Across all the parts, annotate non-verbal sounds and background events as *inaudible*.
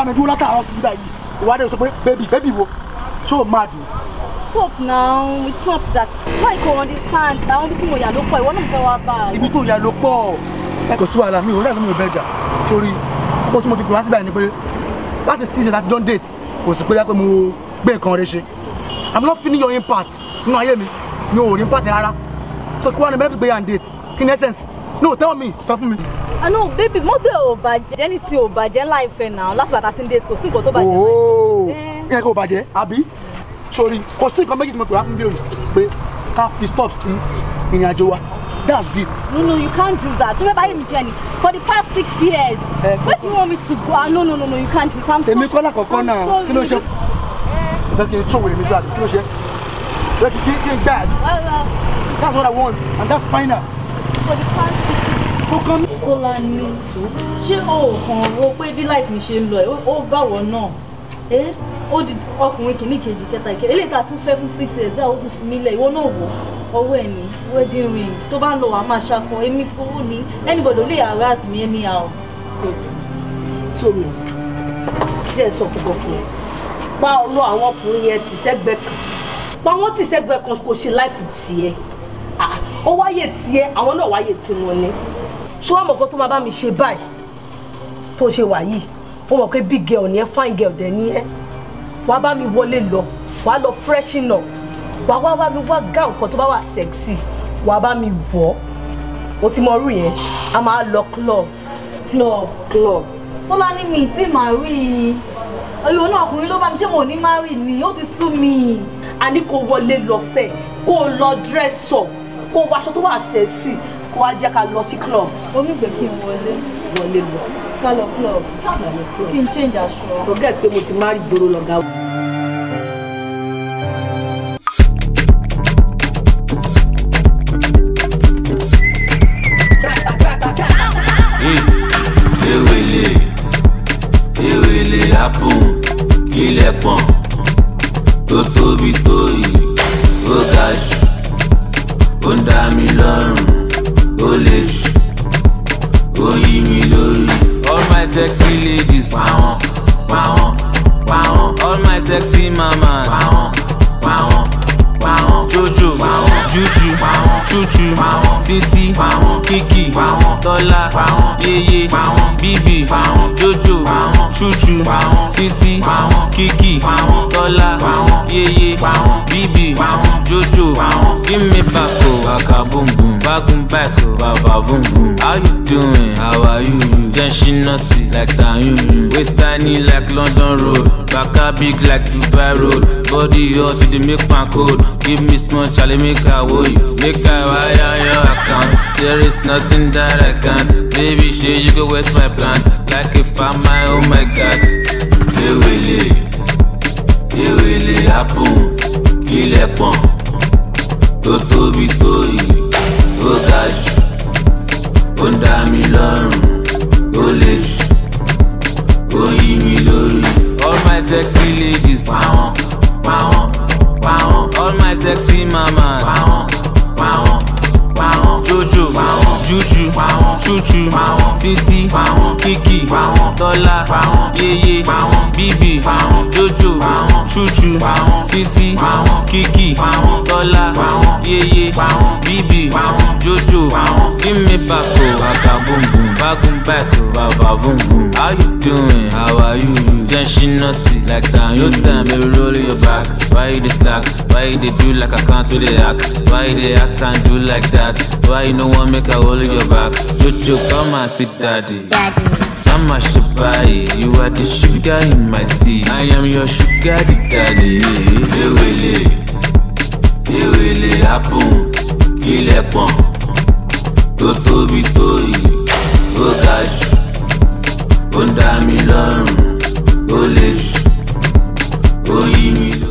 dá mi dúró látàárọ̀ sí ibà yìí ìwádìí sọ pé bébì bébì wo ṣó o stop now it's not that why you go understand àwọn ibi tí mo yà ló pọ̀ ìwọ náà fẹ́ wá bá a. ibi tó yà ló pọ̀ ẹ kò sí wàhálà mi ò rẹ́ mi ò bẹ́ẹ̀ jà torí kó tí mo fi pè wá síbà ni pé láti season láti don date kò sí pé yá pé mo gbé nǹkan rẹ ṣe i'm not feeling your impact nínú ayé mi mi ò rí impact rárá so kí wàá ní bẹ́ẹ̀ fi pé yà ń date kí ni essence no tell me sọ fún mi. I know, baby. ò bàjẹ́ ní ti ò bàjẹ́ láìfẹ́ life láti bàtà tí ń dé kò sí nǹkan tó bàjẹ́. ooo ìyẹn eh. go bàjẹ́ àbí sori kò sí nǹkan méjì tí mo pè wá fún bíòlù pé ká fi stop sí In àjò wa that's it. no no you can't do that remember him jenny for the past six years eh, where do you want me to go ah no no no no you can't do that. èmi kọ́ lákọ̀ọ́kọ́ náà kí ló ṣe ìfẹ́ kí n tún wèrè mi sí àbí kí ló ṣe lẹ́kì kí kí n gbà that's what i want and that's final. for the past six years. Tọ́lání ṣé o ò kàn ro pé bí life mi ṣe ń lọ ẹ ó báwọ náà ẹ ó di ọkùnrin kìíní kejì kẹta ìkẹta eléyìí tá a tún fẹ́ fún six years bí àwọn tún fi mí lẹ̀ ìwọ náà wò ọwọ́ ẹ̀ ní wedding ring tó bá ń lọ wàá máa ṣakọ èmi kúrò ní anybody lè harass me anyhow. tómi díẹ̀ sọ kókó fún ẹ pa ọlọ́ àwọn ọkùnrin yẹn tì sẹ́gbẹ́ kan pa wọ́n tì sẹ́gbẹ́ kan kò ṣe life tiẹ̀ ah, ó wáyé tiẹ̀ àwọn náà wáyé tiwọn ni. So wàá mọ̀ kó tó máa bá mi ṣe báyìí tó ṣe wà yìí ó mọ̀ pé big girl ni ẹ́ fine girl dẹ̀ ni ẹ́ wàá bá mi wọlé lọ wàá lọ freshen up wàá wá bá mi wá gown kan tó bá wà sexy wàá bá mi wọ̀ ó ti mọ irú yẹn a máa lọ club club club Tọ́lání mi tí màá rí i ọyọ náà ọkùnrin ló bá mi ṣe mo ò ní má rí ni ó ti sú mi. a ní kó wọlé lọ́sẹ̀ kó lọ dírẹ́sọ̀ kó wọ aṣọ tó wà sẹ́ẹ̀sì kó wá jẹ́ ká lọ sí club. omi gbé kí n wọlé. wọlé lọ. ká lọ club. ká lọ club. kí n change aṣọ. forget pé mo ti má rí gbòòrò lọ́gà. ewele tó tóbi tó yìí ó ga jù ó ń dá mi lọ́rùn ó lè jù mi lórí. all my sexy ladies. pàwọn pàwọn pàwọn. all my sexy mamas. pàwọn jojo juju chuchu titi kiki tọ́lá yeye bíbí jojo chuchu titi kiki tọ́lá yeye bíbí jojo gimme bako oh, akabumbum bagun bako oh, baba bumbum how you doing how are you you jenshin nurses like tayun waist tiny like London road baka big like Dubai road body hot you dey make pan cold give me This much Charlie make I owe you Make I wire your account There is nothing that I can't Baby shit you go waste my plans Like if I'm my oh my god It really, it really happen Kill it pon Tó tóbi tó yìí Ó ga jù Ó ń dá mi lọ́rùn Ó le jù Ó yí mi lórí All my sexy ladies Pàwọn pàwọn. All my sexy mamas. Jojo. juju chuchu titi kiki tọ́lá yeye Bibi, jojo chuchu titi kiki tọ́lá yeye Bibi, jojo Give me gimme oh, boom, baka bumbum bagun bako oh, baba boom, how you doing how are you Then she not see like that. toyota baby roll your back why you dey slack why you dey do like I can't do the act? why you dey act and do like that why you no wan make i hold follow your back. Jojo, come and see daddy. daddy. I'm a shabai, you are the sugar in my tea. I am your sugar daddy. Ewele, ewele apun, kile pon, tó tóbi tó yìí, ó ga jù, ó dá mi lọ́rùn, ó le jù, ó yí mi lọ.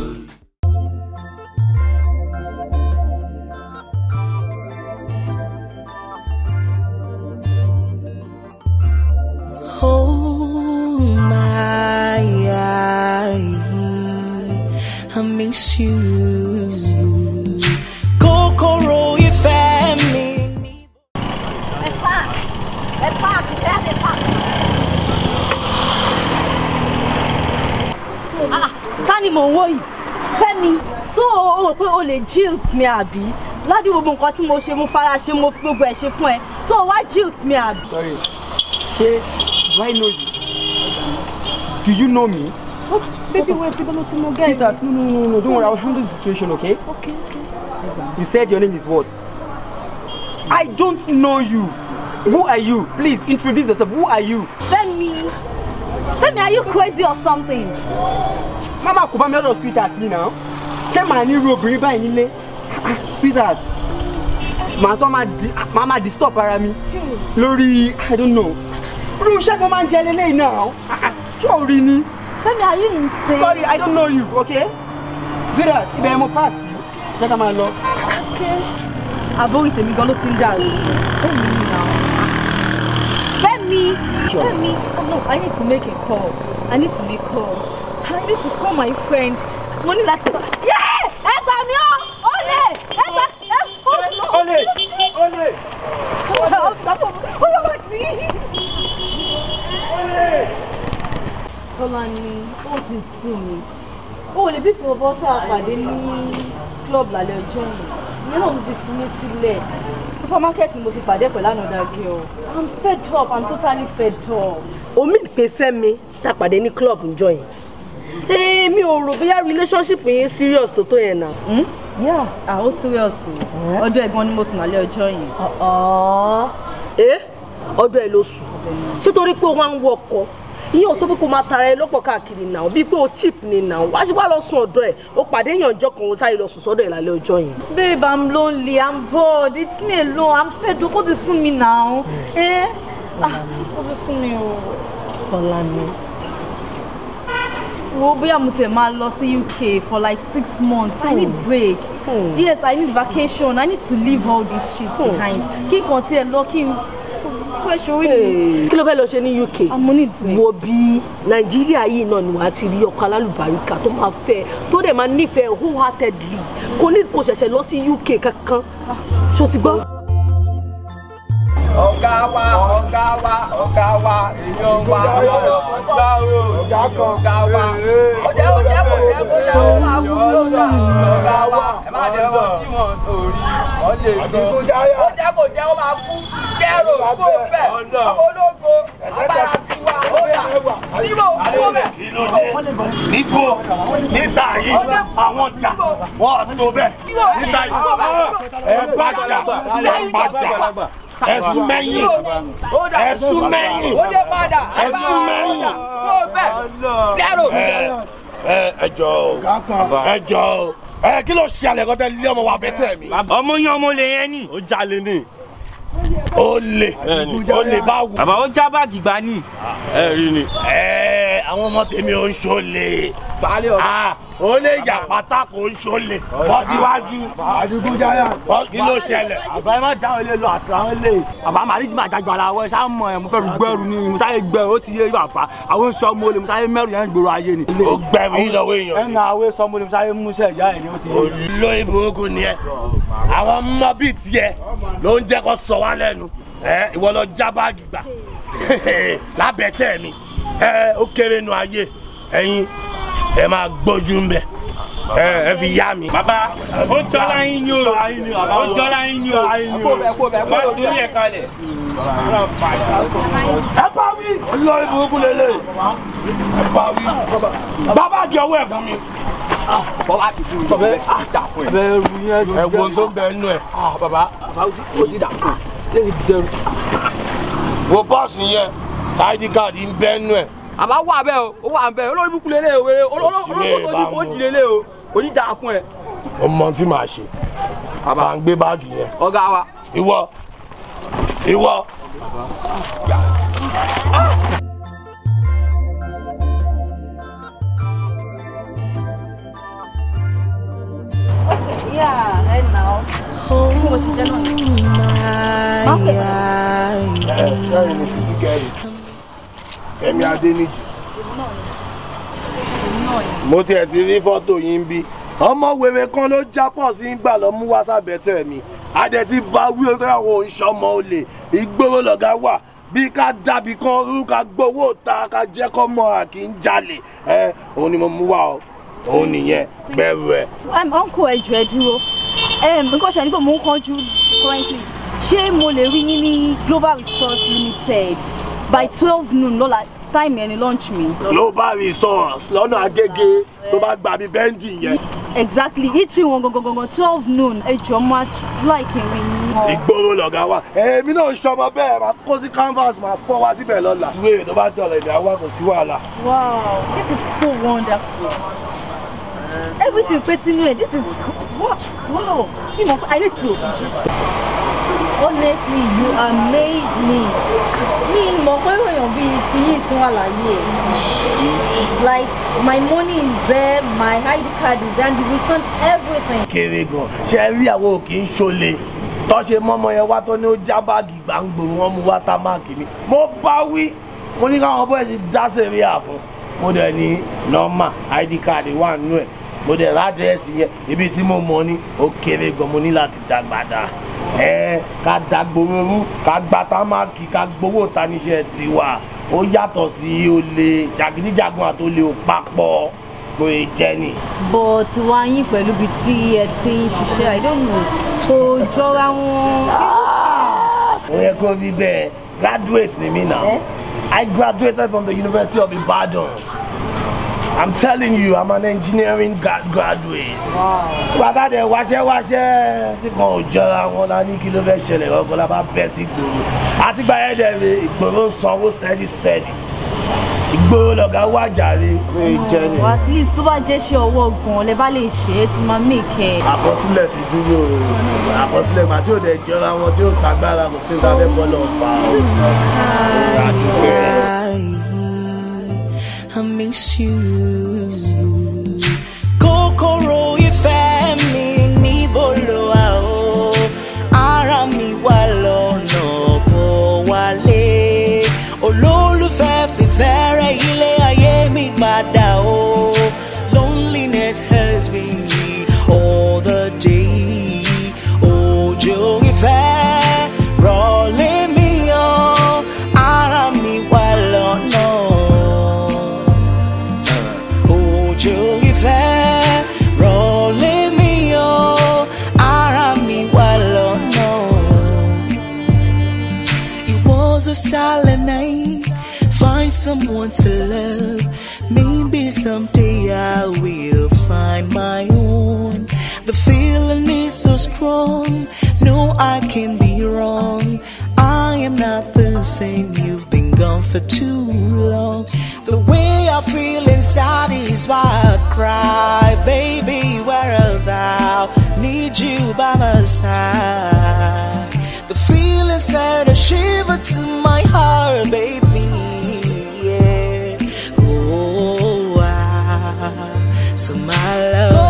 mò ń wò yìí fẹ́ni so o rò pé o lè jilt mi àbí lábí gbogbo nǹkan tí mo ṣe mo fara ṣe mo fi gbogbo ẹ̀ ṣe fún ẹ so wá jilt mi àbí. sorry ṣé do I know you do you know me. Oh, baby wait ibolo ti mo get. see that no no no no don't worry I will handle the situation okay. okay okay. you said your name is what. I don't know you. Who are you? Please introduce yourself. Who are you? Femi. Femi, are you crazy or something? má má kó bá mi lọ́dọ̀ sweetheart mi náà ṣé màá ní irú obìnrin báyìí nílé sweetheart màá sọ máa máa disturb ara mi lórí i don't know irú iṣẹ́ kan máa ń jẹ lélẹ́yìn náà ṣé ò rí ni. Femi, are you insane? Sorry, I don't know you, okay? Sweetheart, ibẹ̀ mo park sí, jẹ́ ká máa lọ. Àbórí tèmi gan ló ti ń dàrú. Femi ni na. Femi! Femi! Oh no, I need to make a call. I need to make a call. I need to call my friend. Money that. láti kọ́. Ẹ gbà mí o! ole, Ẹ gbà ẹ kó lọ. Olè! Olè! Ole. Olè! Tọ́lání, ó ti sùn mi. O ò lè bí pọ̀ bọ́tà pàdé ní club lálẹ́ ọjọ́ mi. Ìyẹn náà ti fún mi sílẹ̀. Supermarket ni mo ti pàdé pẹ̀lú another girl. I'm fed up. I'm totally fed up. Omi pè Fẹ́mi tá a pàdé ní club ǹjọ́ yẹn èmi eh, ò rò bóyá relationship yín serious tó tó yẹn náà. Hmm? yà á ah, ó serious o eh? ọdún ẹ̀gbọ́n ni mo sùn lálẹ́ ọjọ́ yẹn. ẹ uh-huh. eh? ọdún ẹ ló sùn ṣé torí pé wọn á ń wọ ọkọ ìyẹn ò sọ pé kó máa tara ẹ lọ́pọ̀ káàkiri náà bíi pé o cheap ni náà wá sí wá lọ sùn ọ̀dọ̀ ẹ̀ o pàdé èèyàn ọjọ́ kan o sáré lọ sùn sọ́dọ̀ ẹ̀ lálẹ́ ọjọ́ yẹn. babe i'm lonely i'm bored it's me alone i'm fed up ó ti sún mi náà. ẹ ah ó ti sún mi o. Fọlá mi wo bóyá mo tẹ̀ máa lọ UK for like six months oh. I need hmm. break oh. yes I need vacation I need to leave all this shit oh. behind kí n kàn tiẹ̀ lọ kí n fẹ́ ṣorí mi. kí ló fẹ́ lọ ṣe ní UK ah, wo bí nàìjíríà yìí náà ni wàá ti rí ọkọ alálùbáríkà tó máa fẹ́ tó dẹ̀ máa nífẹ̀ẹ́ wholeheartedly kò ní kò ṣẹ̀ṣẹ̀ lọ sí UK kankan ah. ṣó ti gbọ́ ọ̀gá wa ọ̀gá wa ọ̀gá wa èèyàn wa ọ̀gá o ọ̀gá kan ọ̀gá wa ọ̀jẹ̀ ọ̀jẹ̀ kò jẹ́ kó jẹ́ ó máa kú lọ́dọ̀ ọ̀gá wa ẹ̀ má jẹ́ wọ́n sí wọn torí ọ̀lẹ̀ ẹ̀sùn mẹ́yìn ẹ̀sùn mẹ́yìn ẹ̀sùn mẹ́yìn ẹjọ ẹjọ ẹ kí ló ṣàlẹ̀ kọ́tẹ́ lé ọmọ wa bẹ́tẹ̀ mi. ọmọ yẹn ọmọ lè yẹn ni. ó jalè ni. ó lè ó lè báwo. bàbá ó já báàgì gbá ni. ẹ rí ni. ẹ àwọn ọmọ tèmi ò ń ṣọlẹ̀ ó lè yà pátá kò ń ṣọlẹ̀ bọ́ síwájú. àdúgbò jáyà. kí ló ṣẹlẹ̀. àbá ẹ má dá àwọn ilé lọ àṣà àwọn ilé. àbá màrí jìmọ̀ àjàgbà ara wọn ṣáà mọ̀ ẹ̀ mo fẹ́ rú gbẹ́rù ni mo sáré gbẹ́rù ó ti yé bàbá àwọn ń sọmọ olè mo sáré mẹ́rù yẹn gbòòrò ayé ni. ó gbẹ́rù yín lọ́wọ́ èèyàn. ẹ̀ na àwé sọmọ olè mo sáré mú iṣẹ́ ìyá ẹ̀ ni ó ti yé. olóyè burúkú ni ẹ àwọn ọmọ bíi tiẹ̀ ló ń jẹ́ kó sọ wá lẹ́nu ẹ ìwọ lọ já báàgì gbà *laughs* lábẹ́ tẹ̀ mi ẹ ó kéré nu ayé ẹ̀yin ẹ máa gbójú ń bẹ ẹ fi yá mi. bàbá ó jọlá yín ni o ó jọlá yín ni o má sórí ẹ̀ kalẹ̀. ẹ bá wí lọ ibùkún lélẹ̀ ẹ bá wí bàbá jẹ owó ẹ̀ fún mi bàbá ti fún mi bẹ́ẹ̀ ẹ. bẹ́ẹ̀ ru yẹn ju ẹ wo tó bẹ nù ẹ. bàbá o ah, ti dà fún ẹ. wo bọ́ọ̀sì yẹn id card ń bẹ́ nú ẹ̀. àbá wà o ó wà bẹ́ẹ̀ olórí búkú o olórí fojì lélẹ̀ o onídàá fún ẹ. ọmọ tí màá ṣe bá ń gbé báàgì yẹn. ọ̀gá wa. ìwọ ìwọ. Yeah, I know. Oh, my. Hey, Yeah, Mrs. Gary. Kẹ́mi Adéníjì mo tiẹ̀ ti rí fọ́tò yín bí ọmọ wèrè kan ló já pọ̀ sí ń gbà lọ wá sábẹ́ tẹ̀ mi adẹ ti bá wí ọ̀rẹ́ àwọn òǹṣọ́mọ olè ìgboro lọ̀gá wà bí ká dàbí kan orú ká gbowó ta ká jẹ́ kọ́ mọ́ à kì í jalè ẹ òun ni mo mú wá ọ òun nìyẹn bẹ́ẹ̀rù ẹ. ọ̀nkù ẹ̀jọ̀ ẹ̀ dúró nǹkan ṣe ni pé mò ń kánjú currently ṣé mo lè rí yín ní Global Resource Limited by twelve noon lọ́la time ẹni lunch mi. ló bá mi sọ̀rọ̀ lọ́nà agége tó bá gbà mí bẹ́ńdì yẹn. exactly eatery wọn gangan twelve noon ẹjọ máa láìkí rin yín. ìgboro lọ̀gá wa èmi náà ń ṣọmọ bẹ́ẹ̀ máa kó sí canvas máa fọ́ wá síbẹ̀ lọ́la. ìwé tó bá dọ̀lẹ̀ ìdá wa kò sí wàhálà. wow this is so wonderful everything pé sínú ẹ this is wow wow i need to honestly you amaze me mi mọ̀ pé èèyàn bíi ti yìí ti wà láyé like my money is there my id card is there and the return everything. kéré gan ṣe rí àwọn òkè ń ṣọlẹ tó ṣe mọ́mọ yẹn wá tó ní ó já báàgì gbàǹgbò wọn mú wá támáàkì mi mo bá wí mo ní káwọn bọ́ẹ̀ ti dá sẹ́rí àfún mo dẹ̀ ní nọ́mà id card wà nínú ẹ̀ mo dẹ̀ rádírẹ́sì yẹn ibi tí mo mọ̀ ní ó kéré gan mo ní láti dàgbà dáa ẹ ká dàgbòmí mú ká gba támákì ká gbowó taníṣẹ́ tiwa ó yàtọ̀ sí olè jàgídíjàgun àtolè ò papọ̀ kò ì jẹ́ ni. bọ̀ tí wàá yín pẹ̀lú ibi tí ẹ ti ń ṣiṣẹ́ àìdóòmù kò jọra wọn. ó yẹ kó rí graduate ni mí náà eh? I graduated from the University of Ibadan. I'm telling you, I'm an engineering grad graduate. Bàtà dẹ̀ wáṣẹ́wáṣẹ́ tí kan ò jọra wọn la ní kí ló fẹ́ to ọgọ́ la bá bẹ́ sí ìgboro. Àtìgbà yẹn dẹ̀ rè ìgboro ń sanwó steady steady. Ìgboro lọ̀gá wà jàre. At least tó bá jẹ́ ṣe ọwọ́ gan-an lẹ bá lè ṣe é ti máa mèkẹ́. Àkọsílẹ̀ ti dúró o. Àkọsílẹ̀ màá tí ò dẹ̀ jọra wọn tí ò ṣàgbára kò sí ìdábẹ́bọ̀ lọ́ọ̀ fà á. Ìgbà dúpẹ́. I miss you. someone to love. Maybe someday I will find my own. The feeling is so strong. No, I can be wrong. I am not the same. You've been gone for too long. The way I feel inside is why I cry. Baby, where are thou? Need you by my side. The feeling said a shiver to my heart, baby. of my love.